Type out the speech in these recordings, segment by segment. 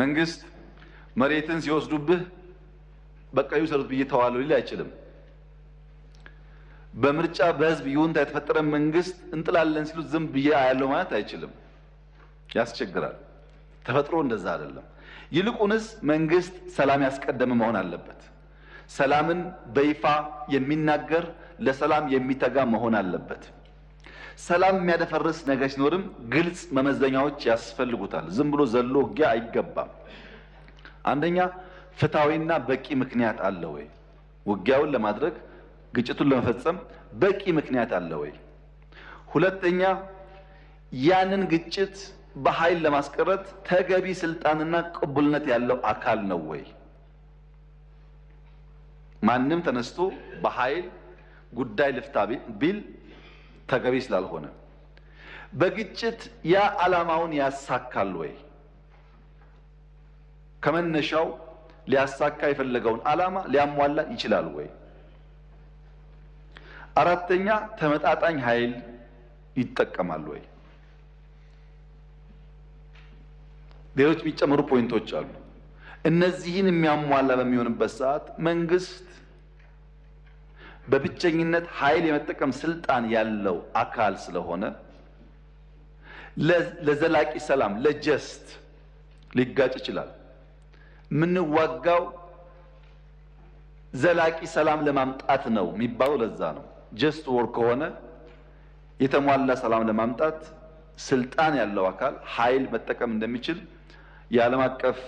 መንግስት መሬትን ሲወስዱብህ በቃ ይውሰዱት ብዬ ተዋለሁ ሊል አይችልም። በምርጫ በህዝብ ይሁንታ የተፈጠረ መንግስት እንጥላለን ሲሉት ዝም ብዬ አያለው ማለት አይችልም። ያስቸግራል። ተፈጥሮ እንደዛ አይደለም። ይልቁንስ መንግስት ሰላም ያስቀደመ መሆን አለበት። ሰላምን በይፋ የሚናገር ለሰላም የሚተጋ መሆን አለበት። ሰላም የሚያደፈርስ ነገር ሲኖርም ግልጽ መመዘኛዎች ያስፈልጉታል። ዝም ብሎ ዘሎ ውጊያ አይገባም። አንደኛ ፍትሐዊና በቂ ምክንያት አለ ወይ? ውጊያውን ለማድረግ ግጭቱን ለመፈጸም በቂ ምክንያት አለ ወይ? ሁለተኛ ያንን ግጭት በኃይል ለማስቀረት ተገቢ ስልጣንና ቅቡልነት ያለው አካል ነው ወይ? ማንም ተነስቶ በኃይል ጉዳይ ልፍታ ቢል ተገቢ ስላልሆነ በግጭት ያ ዓላማውን ያሳካል ወይ? ከመነሻው ሊያሳካ የፈለገውን ዓላማ ሊያሟላ ይችላል ወይ? አራተኛ ተመጣጣኝ ኃይል ይጠቀማል ወይ? ሌሎች የሚጨምሩ ፖይንቶች አሉ። እነዚህን የሚያሟላ በሚሆንበት ሰዓት መንግስት በብቸኝነት ኃይል የመጠቀም ስልጣን ያለው አካል ስለሆነ ለዘላቂ ሰላም ለጀስት ሊጋጭ ይችላል። የምንዋጋው ዘላቂ ሰላም ለማምጣት ነው የሚባለው ለዛ ነው። ጀስት ወር ከሆነ የተሟላ ሰላም ለማምጣት ስልጣን ያለው አካል ኃይል መጠቀም እንደሚችል የዓለም አቀፍ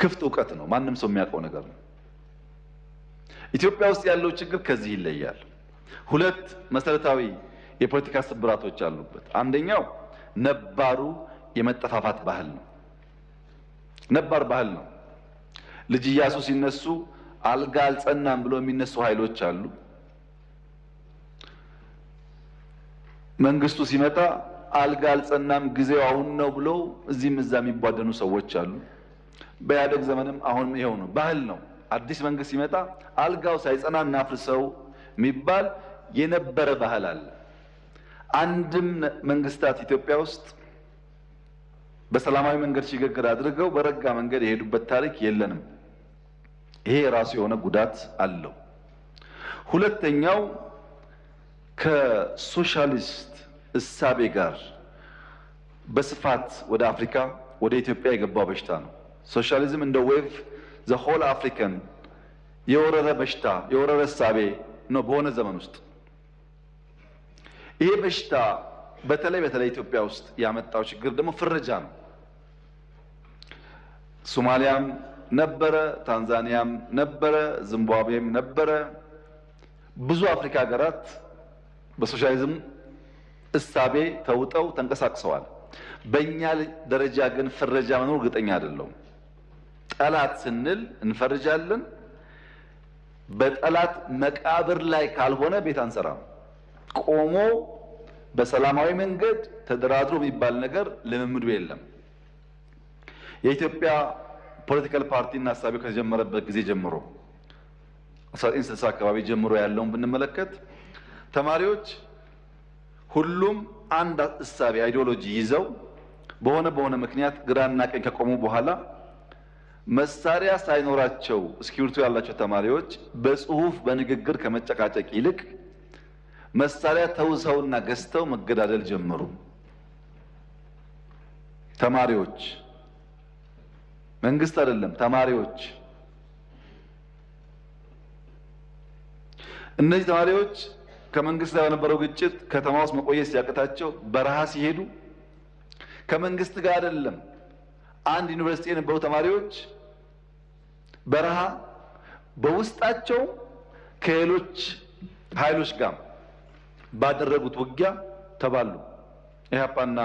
ክፍት እውቀት ነው። ማንም ሰው የሚያውቀው ነገር ነው። ኢትዮጵያ ውስጥ ያለው ችግር ከዚህ ይለያል። ሁለት መሰረታዊ የፖለቲካ ስብራቶች አሉበት። አንደኛው ነባሩ የመጠፋፋት ባህል ነው። ነባር ባህል ነው። ልጅ ኢያሱ ሲነሱ አልጋ አልጸናም ብሎ የሚነሱ ኃይሎች አሉ። መንግስቱ ሲመጣ አልጋ አልጸናም ጊዜው አሁን ነው ብሎ እዚህም እዛ የሚቧደኑ ሰዎች አሉ። በያደግ ዘመንም አሁንም ይኸው ነው። ባህል ነው። አዲስ መንግስት ሲመጣ አልጋው ሳይጸና እናፍርሰው የሚባል የነበረ ባህል አለ። አንድም መንግስታት ኢትዮጵያ ውስጥ በሰላማዊ መንገድ ሽግግር አድርገው በረጋ መንገድ የሄዱበት ታሪክ የለንም። ይሄ የራሱ የሆነ ጉዳት አለው። ሁለተኛው ከሶሻሊስት እሳቤ ጋር በስፋት ወደ አፍሪካ ወደ ኢትዮጵያ የገባው በሽታ ነው። ሶሻሊዝም እንደ ዌቭ ዘ ሆል አፍሪካን የወረረ በሽታ የወረረ እሳቤ ነው በሆነ ዘመን ውስጥ ይሄ በሽታ በተለይ በተለይ ኢትዮጵያ ውስጥ ያመጣው ችግር ደግሞ ፍረጃ ነው። ሶማሊያም ነበረ፣ ታንዛኒያም ነበረ፣ ዚምባብዌም ነበረ። ብዙ አፍሪካ ሀገራት በሶሻሊዝም እሳቤ ተውጠው ተንቀሳቅሰዋል። በእኛ ደረጃ ግን ፍረጃ መኖር እርግጠኛ አይደለሁም። ጠላት ስንል እንፈርጃለን። በጠላት መቃብር ላይ ካልሆነ ቤት አንሰራም። ቆሞ በሰላማዊ መንገድ ተደራድሮ የሚባል ነገር ልምምዱ የለም። የኢትዮጵያ ፖለቲካል ፓርቲና ሀሳቢ ከተጀመረበት ጊዜ ጀምሮ 1960 አካባቢ ጀምሮ ያለውን ብንመለከት ተማሪዎች ሁሉም አንድ እሳቤ አይዲዮሎጂ ይዘው በሆነ በሆነ ምክንያት ግራና ቀኝ ከቆሙ በኋላ መሳሪያ ሳይኖራቸው እስክሪብቶ ያላቸው ተማሪዎች በጽሁፍ በንግግር ከመጨቃጨቅ ይልቅ መሳሪያ ተውሰውና ገዝተው መገዳደል ጀመሩ። ተማሪዎች መንግስት አይደለም፣ ተማሪዎች። እነዚህ ተማሪዎች ከመንግስት ጋር በነበረው ግጭት ከተማ ውስጥ መቆየት ሲያቅታቸው በረሃ ሲሄዱ ከመንግስት ጋር አይደለም፣ አንድ ዩኒቨርሲቲ የነበሩ ተማሪዎች በረሃ በውስጣቸው ከሌሎች ኃይሎች ጋር ባደረጉት ውጊያ ተባሉ። ኢህአፓና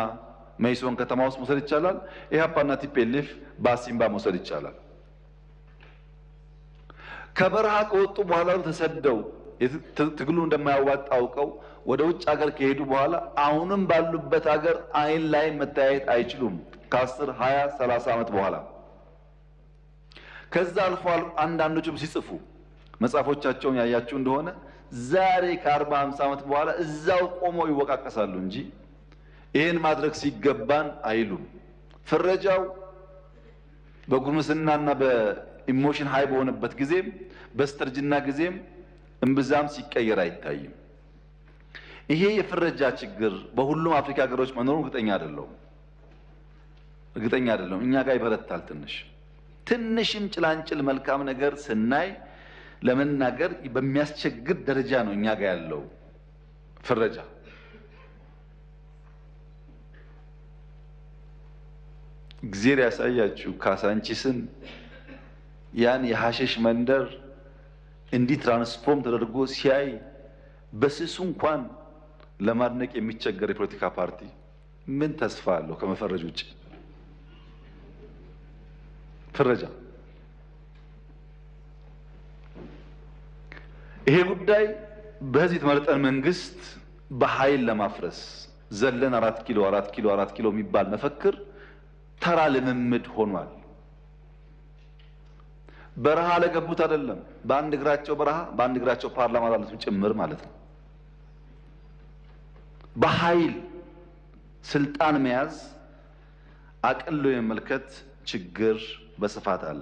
መይሶን ከተማ ውስጥ መውሰድ ይቻላል። ኢህአፓና ቲፔሌፍ በአሲምባ መውሰድ ይቻላል። ከበረሃ ከወጡ በኋላ ተሰደው ትግሉ እንደማያዋጣ አውቀው ወደ ውጭ ሀገር ከሄዱ በኋላ አሁንም ባሉበት ሀገር አይን ላይ መተያየት አይችሉም። ከአስር 20 ሰላሳ ዓመት በኋላ ከዛ አልፎ አንዳንዶቹም ሲጽፉ መጽሐፎቻቸውን ያያችሁ እንደሆነ ዛሬ ከአርባ ሃምሳ ዓመት በኋላ እዛው ቆመው ይወቃቀሳሉ እንጂ ይህን ማድረግ ሲገባን አይሉም። ፍረጃው በጉርምስናና በኢሞሽን ሀይ በሆነበት ጊዜም በስተርጅና ጊዜም እምብዛም ሲቀየር አይታይም። ይሄ የፍረጃ ችግር በሁሉም አፍሪካ ሀገሮች መኖሩን እርግጠኛ አይደለሁም እርግጠኛ አይደለሁም። እኛ ጋር ይበረታል ትንሽ ትንሽም ጭላንጭል መልካም ነገር ስናይ ለመናገር በሚያስቸግር ደረጃ ነው እኛ ጋር ያለው ፍረጃ። እግዜር ያሳያችሁ ካሳንቺስን ያን የሐሸሽ መንደር እንዲህ ትራንስፎርም ተደርጎ ሲያይ በስሱ እንኳን ለማድነቅ የሚቸገር የፖለቲካ ፓርቲ ምን ተስፋ አለው ከመፈረጅ ውጭ? ፍረጃ ይሄ ጉዳይ በዚህ የተመረጠን መንግስት በኃይል ለማፍረስ ዘለን አራት ኪሎ አራት ኪሎ አራት ኪሎ የሚባል መፈክር ተራ ልምምድ ሆኗል። በረሃ ለገቡት አይደለም፣ በአንድ እግራቸው በረሃ በአንድ እግራቸው ፓርላማ ላሉትም ጭምር ማለት ነው። በኃይል ስልጣን መያዝ አቅሎ የመመልከት ችግር በስፋት አለ።